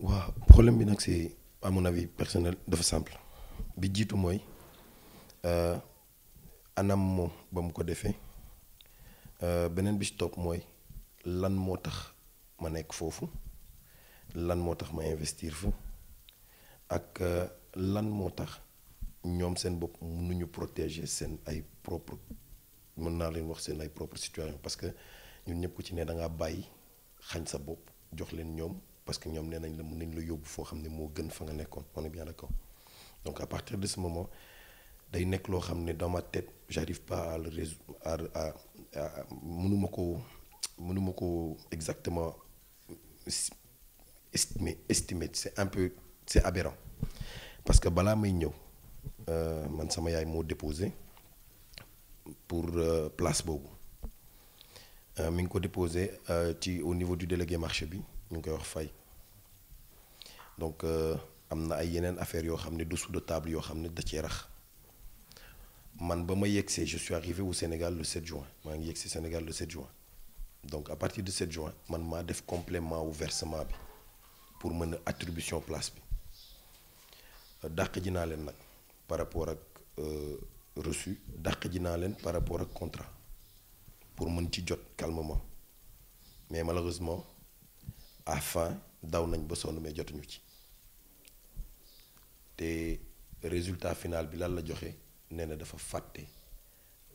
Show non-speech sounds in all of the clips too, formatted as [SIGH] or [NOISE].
Le problème bi c'est à mon avis personnel dafa simple bi jiitu mooy euh, anam moom ba mu ko defee euh, beneen bi ci top moy lan motax ma nek fofu lan motax ma investir fa ak euh, lan motax ñom ñoom seen bopp mënuñu protéger seen ay propre mën na leen wax seen ay propre situation parce que ñun ñep ku ci ne da nga bàyyi xagn sa bop jox leen ñom parce que ñom sommes on est bien d'accord donc à partir de ce moment day dans ma tête j'arrive pas à le résoudre à à mënuma exactement estimer. c'est un peu c'est aberrant parce que Bala may euh, déposé pour euh, place euh, mi déposé au niveau du délégué marché donc il euh, y ay yenen affaire yo xamné dessous de table yo xamné da ci rax man ba yexé je suis arrivé au Sénégal le 7 juin suis ngi au Sénégal le 7 juin donc à partir de 7 juin man m'a def complément au versement bi pour mën attribution place bi dakk dina len par rapport ak euh, reçu dakk dina len par rapport ak contrat pour mën ci jot calmement mais malheureusement à fin daw nañ ba sonu mais jotuñu ci te résultat final bi lan la joxé néna dafa faté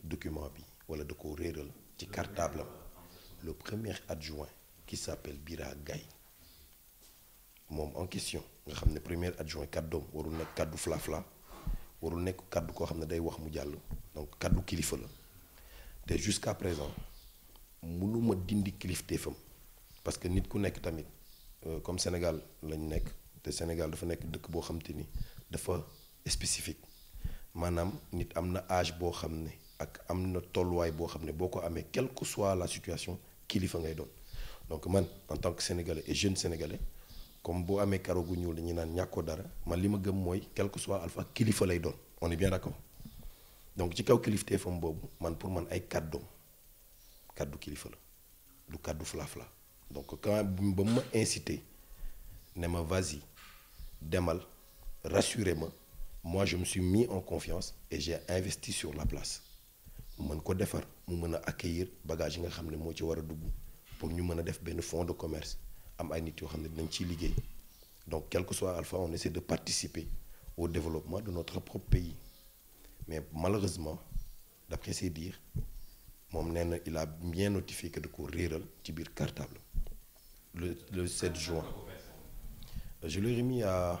document bi wala da ko ci cartable le premier adjoint qui s'appelle Bira Gaye mom en question nga xamné premier adjoint kàddoom warul nekk kaddu flafla warul nek kaddu ko xamné day wax mu jàll donc kaddu kilifa la té jusqu'à présent mënuma dindi fam parce que nit ku nek tamit euh, comme Sénégal lañ nek té Sénégal dafa nek dëkk bo xam dafa spécifique Manam nit amna âge bo xamné ak amna na bo xamné boko amé boo que soit la situation kilifa ngay don. donc man en tant que sénégalais et jeune sénégalais comme bo amé karo gu ñuul ñi nan ñako dara man lima gëm moy quel que soit alpha kilifa lay don. on est bien d'accord donc ci kaw fam bobu man pour man ay cadeau cadeau kilifa la du kàddu flafla donc quand ba ma incité ne ma vas-y demal rassurez-moi moi je me suis mis en confiance et j'ai investi sur la place Mon mën ko defar mu accueillir bagage bagages nga xam pour ñu nous faire def fonds de commerce am ay nit donc quel que soit Alpha on essaie de participer au développement de notre propre pays mais malheureusement d'après ses dires mon il a bien notifié que de ko est ci cartable le 7 juin je l'ai remis à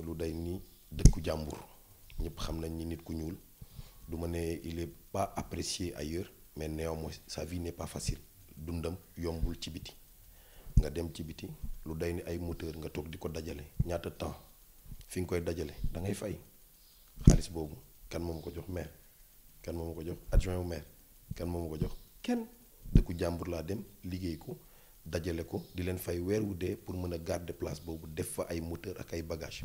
lu day ni ni il est pas apprécié ailleurs mais néanmoins sa vie n'est pas facile dundam yombul ci biti nga dem ci biti lu day ni ay moteur nga dajale Il temps fi nga koy da ngay fay xaalis boobu kan ko jox maire kan ko jox adjoint au maire kan ko jox kenn dëkku dem liggéey ko dajale ko di leen fay pour mën a place def fa ay moteur ak ay bagage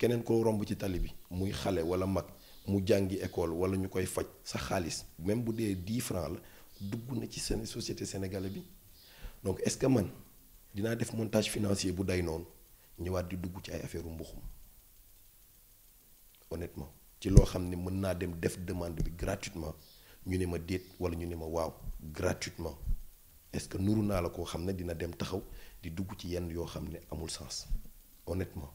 kenen ko rombu ci tali bi muy xalé wala mag mu jangi école wala ñukoy koy faj sa xaliss même bu dé 10 francs la dugg na ci seen société sénégalaise bi donc est-ce que man dina def montage financier bu day non ñëwaat di dugg ci ay affaire mbuxum honnêtement ci lo xam mën na dem def demande bi gratuitement ñu ne ma déet wala ñu ne ma waaw gratuitement est-ce que nuru naa la ko xam dina dem taxaw di dugg ci yenn yo xam amul sens honnêtement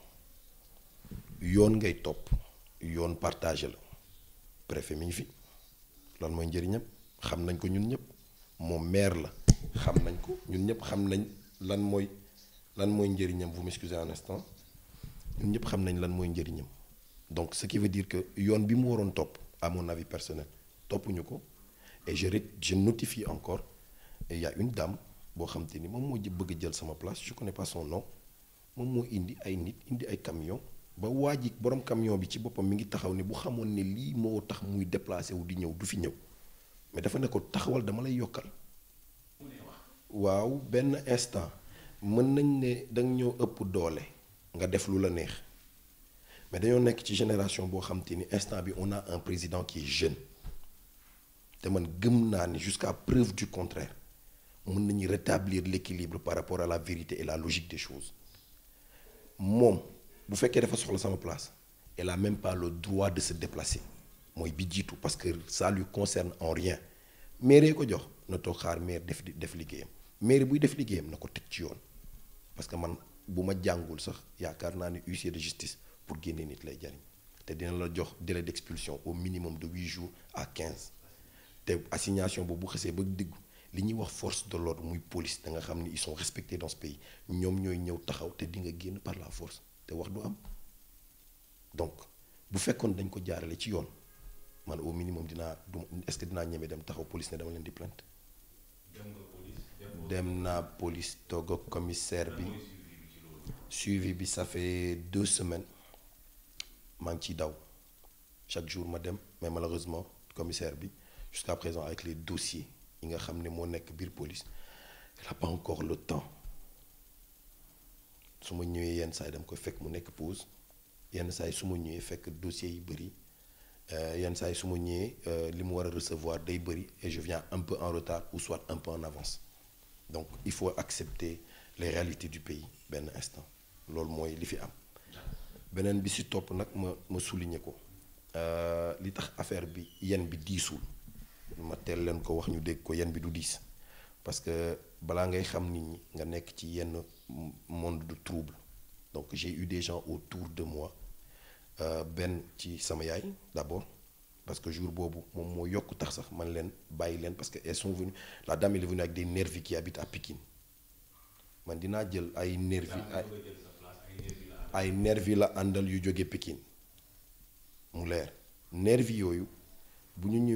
yoon ngay topp yoon partagé la préfet mi ngi fi loolu mooy njëriñam xam nañ ko ñun ñëpp moom maire la xam nañ ko ñun ñëpp xam nañ lan mooy lan mooy njëriñam vous m'excusez un instant ñun ñëpp xam nañ lan mooy njëriñam donc ce qui veut dire que yoon bi mu waroon topp à mon avis personnel toppuñu ko et je je notifie encore et y a une dame boo xam te ni moom moo bëgg jël sama place je connais pas son nom moom moo indi ay nit indi ay camion ba wajik borom camion bi ci bopam mi ngi taxaw ni bu xamone ne lii moo tax muy déplacer wu di ñew du fi ñew mais dafa ne ko taxawal dama lay yokal waaw ben instant mën nañ ne danga ñëw ëpp doole nga def lu la neex mais dañu nekk ci génération bo xam ni instant bi on a un président qui est jeune te man gëm naa ni jusqu'à preuve du contraire mën nañu rétablir l'équilibre par rapport à la vérité et la logique des choses mom bu fekkee dafa soxla sama place elle a même pas le droit de se déplacer mooy bi jiitu parce que ça lui concerne en rien mairie ko jox na toog xaar maire def def liggéeyam mairie buy def liggéeyam na ko ci yoon parce que man bu ma jàngul sax yaakaar naa ne huissier de justice pour génne nit lay jariñ te dina la jox délai d'expulsion au minimum de huit jours à quinze te assignation boobu bu xasee ba diggu li ñuy wax force de l'ordre muy police da nga xam ils sont respectés dans ce pays ñoom ñooy ñëw taxaw te di nga génn par la force te wax du am donc bu fekkoon dañ ko jaarale ci yoon man au minimum dinaa du est-ce que dinaa ñeme dem taxaw police ne dama leen di plainte dem naa police toog commissaire bi suivi bi ça fait deux semaines maa ngi ciy daw chaque jour ma dem mais malheureusement commissaire bi jusqu'à présent avec les dossiers yi nga xam ne moo nekk police il a pas encore le temps suma ma ñëwee yenn saa yi dama koy fekk mu nekk pause yenn saa yi su ñëwee fekk dossier yi bëri euh, yenn saa yi suma ma ñëwee euh, li mu war a recevoir day bëri et je viens un peu en retard ou soit un peu en avance donc il faut accepter les réalités du pays benn instant loolu mooy li fi am. beneen bi si topp nag ma ma souligner ko euh, li tax affaire bi yenn bi diisul ma teel leen ko wax ñu dégg ko yenn bi du diis parce que bala ngay xam nit ñi nga nekk ci yenn monde de trouble donc j'ai eu des gens autour de moi Ben, ci sama yaay d'abord parce que jour bobu mom mo yokk tax sax man len len parce que elles sont venues la dame elle est venue avec des nervis qui habitent à Pékin... man dina jël ay nervis ay ay nervis la andal yu jóge Pikine mu leer nervis yoyu bu ñu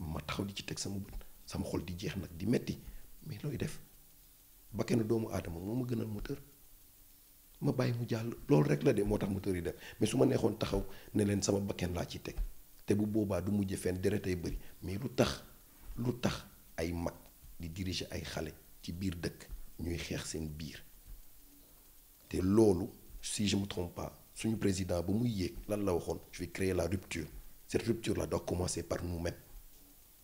ma taxaw di ci teg sama bët sama xol di jeex nag di metti mais looy def bakkenu doomu aadama moo ma gënal moteur ma bàyyi mu jàll loolu rek la de moo tax moteur yi def mais su ma neexoon taxaw ne leen sama bakken laa ci teg te bu boobaa du mujj fenn deretay bëri mais lu tax lu tax ay mag di diriger ay xale ci biir dëkk ñuy xeex seen biir te loolu si je me trompe pas suñu président ba muy yéeg lan la waxoon je vais créer la rupture cette rupture là doit commencer par nous-mêmes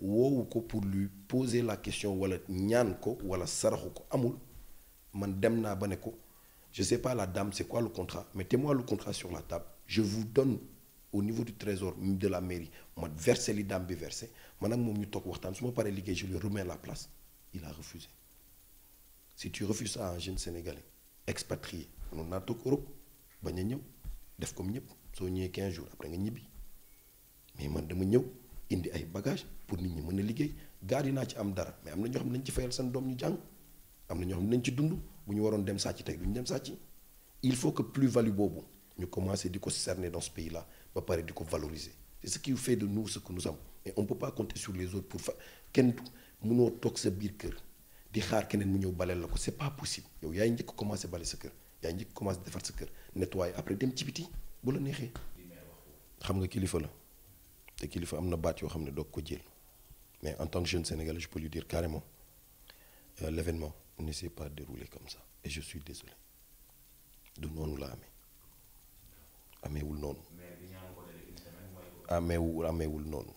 woowu ko pour lui poser la question wala ñaan ko wala saraxu ko amul man dem naa ne ko je sais pas la dame c'est quoi le contrat mettez-moi le contrat sur la table je vous donne au niveau du trésor de la mairie ma versé li dame bi versé man ak moom ñu toog waxtaan su ma paree je lui remets la place il a refusé si tu refuses ça à un jeune sénégalais expatrié noonu naa toog Europe bañ a ñëw def comme ñëpp soo ñëwee 15 jours après nga ñibbi mais man dama ñëw indi ay bagage pour nit ñi mën a liggéey gaar yi naa ci am dara mais am na ñoo xam nañ ci fayal seen doom ñu jàng am na ñoo xam nañ ci dund bu ñu waroon dem sàcc tey du ñu dem sàcc il faut que plus-value boobu ñu commencer di ko cerner dans ce pays là ba pare di ko valoriser c'est ce qui fait de nous ce que nous sommes mais on peut pas compter sur les autres pour fa kenn mënoo toog sa biir kër di xaar keneen mu ñëw baleel la ko c'est pas possible yow yaay njëkk commencer bale sa kër yaay njëkk commencer defar sa kër nettoyer après dem ci biti bu la neexee xam nga kilifa la te kilifa am na baat yoo xam ne doog ko jël mais en tant que jeune sénégalais je peux lui dire carrément euh, l'événement ne s'est pas déroulé comme ça et je suis désolé du noonu la amee ameewul noonu ameewul ameewul noonu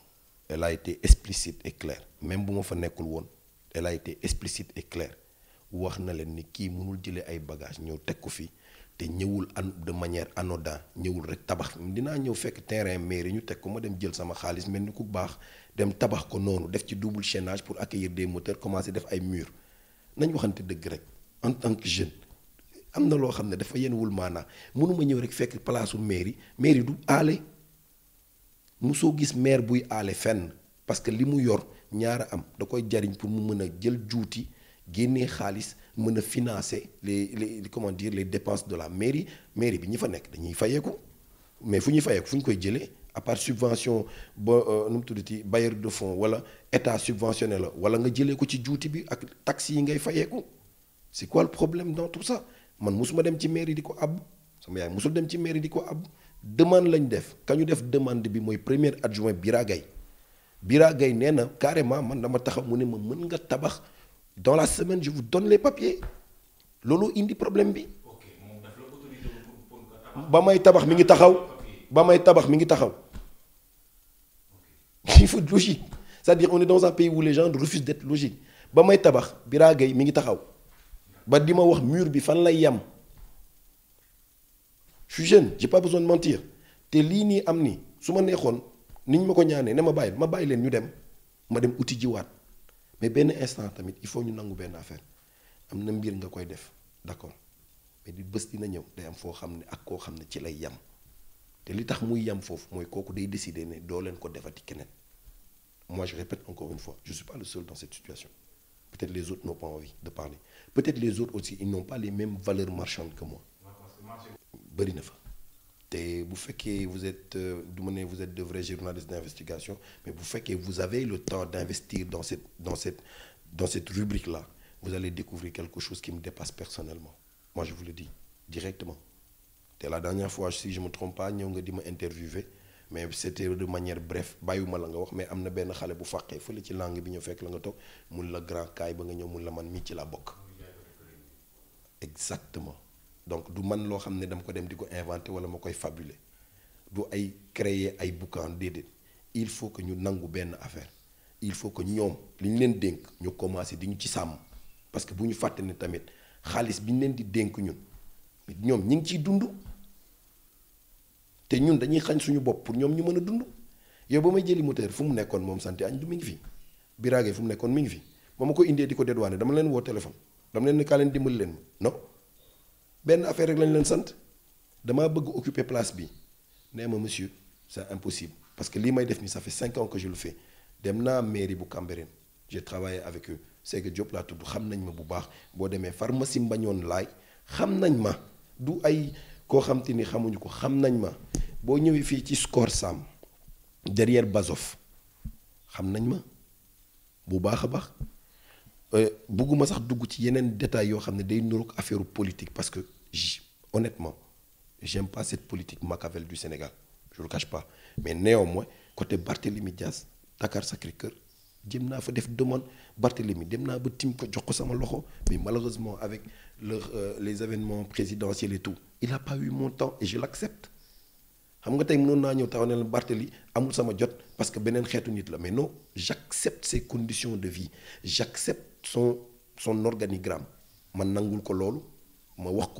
elle a été explicite et claire même bu ma fa nekkul woon elle a été explicite et claire wax na leen ni kii mënul jëlee ay bagages ñëw teg ko fii te ñëwul de manière anodin ñëwul rek tabax dinaa ñëw fekk terrain mairie ñu teg ko ma dem jël sama xaalis mel ku dem tabax ko noonu def ci double pour accueillir des moteurs commencé def ay murs nañ waxante dëgg rek en tant que jeune am na loo ne dafa rek fekk mairie mairie du aale musoo gis maire buy aale fenn parce que yor ñaara am da koy jariñ pour mu génnee xaalis mën financer les les comment dire les dépenses de la mairie mairie bi ñi fa nekk dañuy fayeeku mais faut ni fayeeku Faut ñu koy jëlee à part subvention ba euh, nu mu tuddati bailleur de fonds wala état subventionnel. Voilà, wala nga jëlee ko ci juuti bi ak taxes yi ngay fayeeku c'est quoi le problème dans tout ça man mosuma dem ci mairie diko ab sama yaay mosul dem ci mairie diko ab demande lañ def ka ñu def demande bi moy premier adjoint Bira Gaye Bira Gaye nee carrément man dama taxaw mu ne ma meun nga tabax dans la semaine je vous donne les papiers Lolo, il dit problème bi ba problème. tabax mi ngi taxaw ba tabax mi ngi taxaw [LAUGHS] il faut être logique c'est-à-dire on est dans un pays où les gens refusent d'être logique Bama may tabax Bira gay, mi ngi taxaw ba wax mur bi fan lay yam. je suis jeune j'ai pas besoin de mentir te lini amni, am ni su ma neexoon ni ma ko ne ma baye, ma bàyyi leen ñu dem ma dem mais ben instant tamit il faut ñu nangu ben affaire am na mbir nga koy def d'accord mais di bés dina ñëw day am fo xam ak ko xam ci lay yam té li tax muy yam fofu moy koku day décider ne do leen ko defati keneen moi je répète encore une fois je suis pas le seul dans cette situation peut-être les autres n'ont pas envie de parler peut-être les autres aussi ils n'ont pas les mêmes valeurs marchandes que moi bari na fa vous que vous êtes euh, vous êtes de vrais journalistes d'investigation mais faites que vous avez le temps d'investir dans cette dans cette dans cette rubrique là vous allez découvrir quelque chose qui me dépasse personnellement moi je vous le dis directement la dernière fois si je me trompe pas ñëw nga di ma mais c'était de manière bref la nga mais amna na xalé xale bu fàqee fële ci langue bi ñu fekk la nga tok, mun la grand kay ba nga ñëw mun la man mi ci la bok. exactement donc du man lo xamné dam ko dem diko inventer wala makoy fabuler du ay créer ay boucan déedéet il faut que ñu nangu ben affaire il faut que ñom liñ ñu leen dénk ñu commencer di ci sam parce que buñu faté ni tamit xaalis biñ ñu leen di denk ñun ñom ñing ci ciy té ñun dañuy xagn suñu bop pour ñom ñu mëna a yow ba may jëli moteur fu mu nekkoon moom sant añ du mi ngi fi biraage fu mu nekkoon mi ngi fi ba ma ko indee di dédouané dama leen wo téléphone dama leen ne kaa leen dimbali leen non. Ben affaire rek lañ leen sante dama bëgg occuper place bi nee ma monsieur c'est impossible parce que li may def ni ça fait cinq ans que je le fais dem naa mairie bu Cambérène j'ai travaillé avec eux Séga Diop laa tudd xam nañ ma bu baax boo demee pharmacie Mbañoon laay xam nañ ma du ay koo xam te ni xamuñu ko xam nañ ma boo ñëwee fii ci Score Sam derrière Bazof xam nañ ma bu baax a baax euh, bugguma sax dugg ci yeneen détails yoo xam ne day nuruk affaire politique parce que honnêtement, j'aime pas cette politique Machiavel du Sénégal. Je le cache pas. Mais néanmoins, côté Barthélémy Diaz, Dakar Sacré-Cœur, je fait fa def demande Barthélémy dem ba tim mais malheureusement avec euh, les événements présidentiels et tout il a pas eu mon temps et je l'accepte xam nga tey mënoon naa ñëw taxaw ne Barthélémy sama jot parce que beneen xeetu nit la mais non j'accepte ses conditions de vie j'accepte son son organigramme ma nangul ko ma wax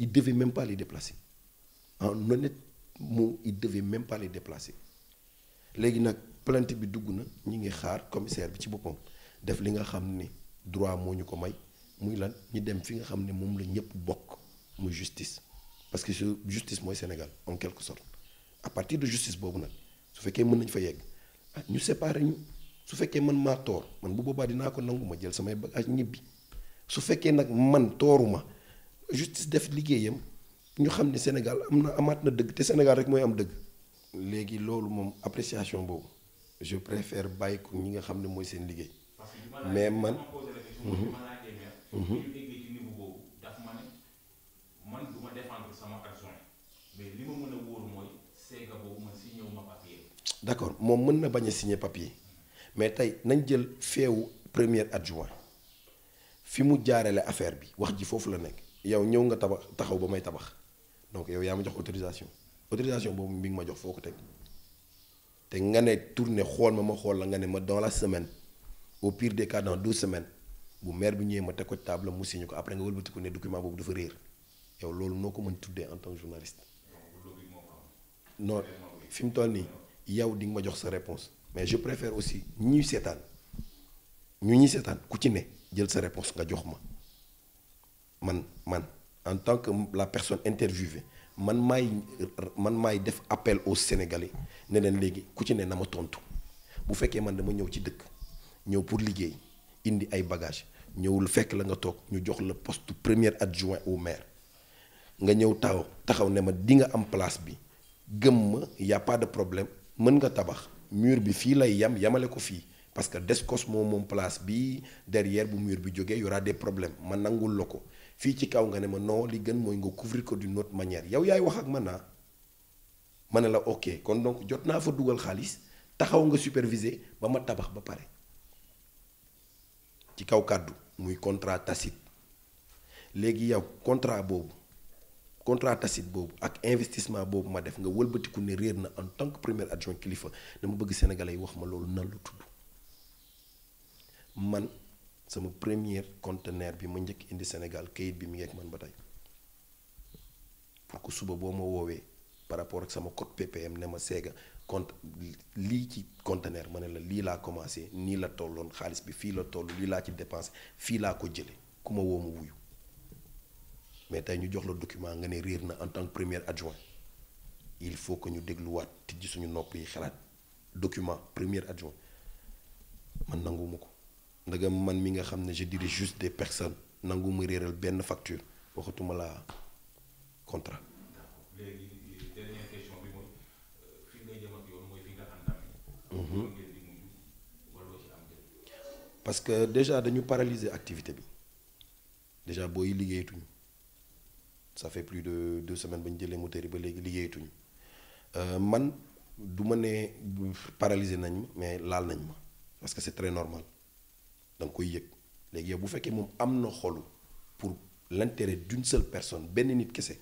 il ne devait même pas les déplacer en honnête mot il ne devait même pas les déplacer léegi nag plainte bi dugg na ñu ngi xaar commissaire bi ci boppam def li nga xam droit moo ñu ko may muy lan ñu dem fi nga xam ne la ñëpp bokk muy justice parce que justice mooy Sénégal en quelque sorte à partir de justice boobu nag su fekkee mën nañ fa yegg ah, ñu séparer su fekkee man maa toor man bu boobaa dinaa ko nangu ma jël samay bagage ñibbi su fekkee nag man tooruma justice def liggéeyam ñu xam ne Sénégal am na amaat na dëgg te Sénégal rek mooy am dëgg. léegi loolu moom appréciation boobu je préfère bàyyi ko ñi nga xam ne mooy seen liggéey. mais man. d'accord moom mën na bañ a signer papier mais tey nañ jël feewu premier adjoint fi mu jaarale affaire bi wax ji foofu la nekk yow ñëw nga tabax taxaw ba may tabax donc yow yaa ma jox autorisation autorisation boobu mi ngi ma jox foo ko teg te nga ne tourner xool ma ma xool la nga ne ma dans la semaine au pire des cas dans deux semaines bu maire bi ñëwee ma teg ko table mu signé ko après nga wëlbatiku ne document boobu dafa réer yow loolu noo ko mën tuddee en tant que journaliste. non fi mu toll nii yow di nga ma jox sa réponse mais je préfère aussi ñuy seetaan ñu ñuy seetaan ku ci ne jël sa réponse nga jox ma man en tant que la personne interviewée man may def appel aux Sénégalais ne leen léegi ku ci né na ma tontu bu féké man dama ñëw ci dëkk pour indi bagages ñëwul fekk la nga tok ñu poste premier adjoint au maire nga ñëw taw taxaw di nga place bi gëm y' a pas de problème mën nga tabax mur bi yam parce que la place bi derrière bu mur bi y aura des problèmes man nangul fii ci kaw nga ne ma non li gën mooy nga couvrir ko d'une autre manière yow yaay wax ak man naa ah. ma ne la ok kon donc jot naa fa dugal xaalis taxaw nga superviser ba ma tabax ba pare ci kaw kàddu muy contrat tacite léegi yow contrat boobu contrat tacite boobu ak investissement boobu ma def nga wëlbatiku ne réer na en tant que premier adjoint kilifa dama bëgg sénégal yi wax ma loolu nan la tudd man. sama premier conteneur bi ma njëkk indi Sénégal kayit bi mi ngi ak man ba tey pour que suba boo ma woowee par rapport ak sama code PPM ne ma seega compte lii ci conteneur ma ne la lii laa commencé nii la tolloon xaalis bi fii la toll lii laa ci dépensé fii laa ko jëlee ku ma woo ma wuyu mais tey ñu jox la document nga ne réer na en tant que premier adjoint il faut que ñu dégluwaat tijji suñu nopp yi xalaat document premier adjoint man nanguwuma ko ndagam man mi nga xamne je dirige juste des personnes nangu ma réeral ben facture waxatuma la contrat. léegi dernière question bi euh, fi nga ak mhm. fi nga parce que déjà dañu paralyser activité bi déjà liguey liggéeyatuñu ça fait plus de deux semaines ba ñu jëlee ba légui liguey léegi euh man du né paralyser nañ mais lal nañ ma parce que c'est très normal dang koy yëg léegi yow bu fekkee moom am xolu pour l'intérêt d'une seule personne Ben nit kessé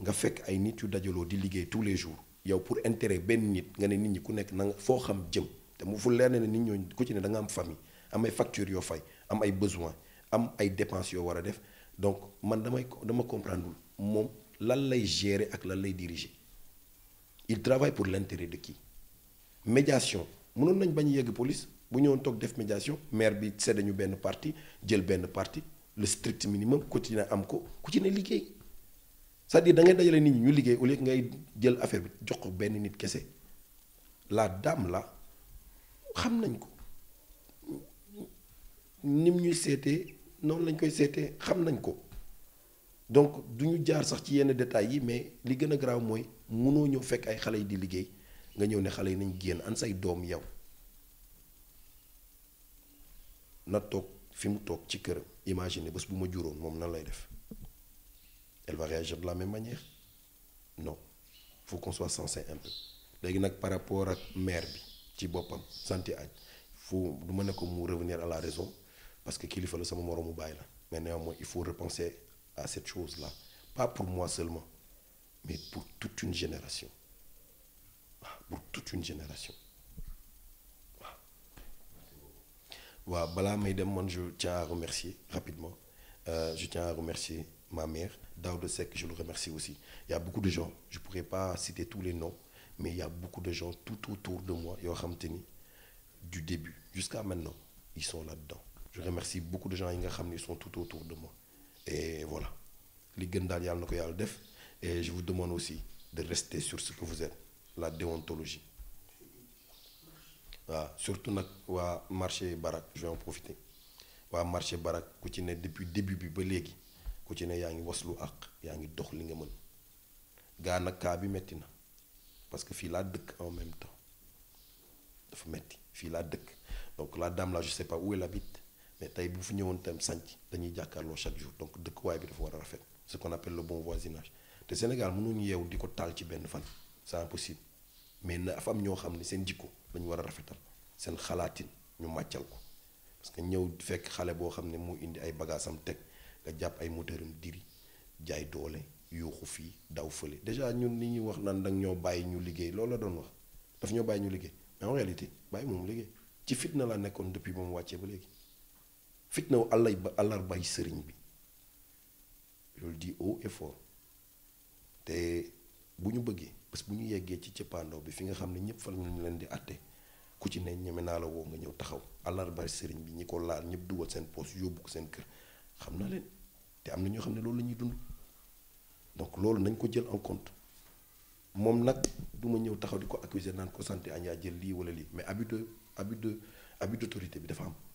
nga fekk ay nit yu dajaloo di liggéey tous les jours yow pour intérêt ben nit nga ne nit ñi ku nek na fo xam jëm te mu fu leer ne nit ñooñu ku ci ne da nga am famille am ay factures yoo fay am ay besoins am ay dépenses yo wara a def donc man damay dama comprendre mom lan lay gérer ak lan lay diriger il travaille pour l'intérêt de qui médiation mënon nañ bañ yegg police bu ñëwoon toog def médiation maire bi sedda benn parti jël benn parti le strict minimum ku ci ne am ko ku ci ne liggéey c'est-à-dire da ngay dajale nit ñi ñu liggéey au lieu ngay jël affaire bi jox ko benn nit kese la dame la xam nañ ko nim ñuy seetee noonu lañ koy seetee xam nañ ko donc duñu jaar sax ci yenn détails yi mais li gën a garaaw mooy munoo ñëw fekk ay xale yi di liggéey nga ñëw ne xale yi nañ génn an say doom yow. imagine nan lay elle va réagir de la même manière non faut qu'on soit sensé un peu par rapport ak mère bi ci santé Il faut revenir à la raison parce que kilifa la sama la mais néanmoins il faut repenser à cette chose là pas pour moi seulement mais pour toute une génération ah, pour toute une génération Voilà, bala je tiens à remercier rapidement euh, je tiens à remercier ma mère de je le remercie aussi il y a beaucoup de gens je ne pourrais pas citer tous les noms mais il y a beaucoup de gens tout autour de moi yoo du début jusqu'à maintenant ils sont là-dedans je remercie beaucoup de gens ils sont tout autour de moi et voilà les et je vous demande aussi de rester sur ce que vous êtes la déontologie surtout nak wa marché barak je vais en profiter wa marché barak ku ci ne depuis début bi ba légui ku ci ne yaa ngi waslu ak yaa ngi dox li nga meun ga nak ka bi metti na parce que fi la deuk en même temps dafa metti fi la deuk donc la dame là je sais pas où elle habite mais tey bu fi ñëwoon tam sànc dañuy jàkkaarloo chaque jour donc way bi dafa wara rafet ce qu'on appelle le bon voisinage te Sénégal mënuñu ñew diko tal ci ben fan c'est impossible mais na fa ñoo xam ne seen jikko lañu war a rafetal seen xalaatin ñu màccal ko parce que ñëw fekk xale boo xam ne mu indi ay bagaasam teg nga jàpp ay moteuram diri jaay doole yuuxu fii daw fële déjà ñun li ñuy wax naan danga ñoo bàyyi ñu liggéey loolu la doon wax daf ñoo bàyyi ñu liggéey mais en bàyyi moom liggéey ci fitna laa nekkoon depuis ba mu wàccee ba léegi fitna wu àllay ba àllar bay sëriñ bi loolu di haut te bu ñu bëggee bés bu ñu yeggee ci cëppaandoo bi fi nga xam ne ñëpp fan ñu leen di atte ku ci ne ñeme naa la woo nga ñëw taxaw àllarbari sëriñ bi ñi ko laal ñëpp dugal seen poos yóbbu ko seen kër xam na leen te am na ñoo xam ne loolu la ñuy dund donc loolu nañ ko jël en compte moom nag duma ñëw taxaw di ko accuser naan ko santé añaa jël lii wala lii mais abus de abus de abus bi dafa am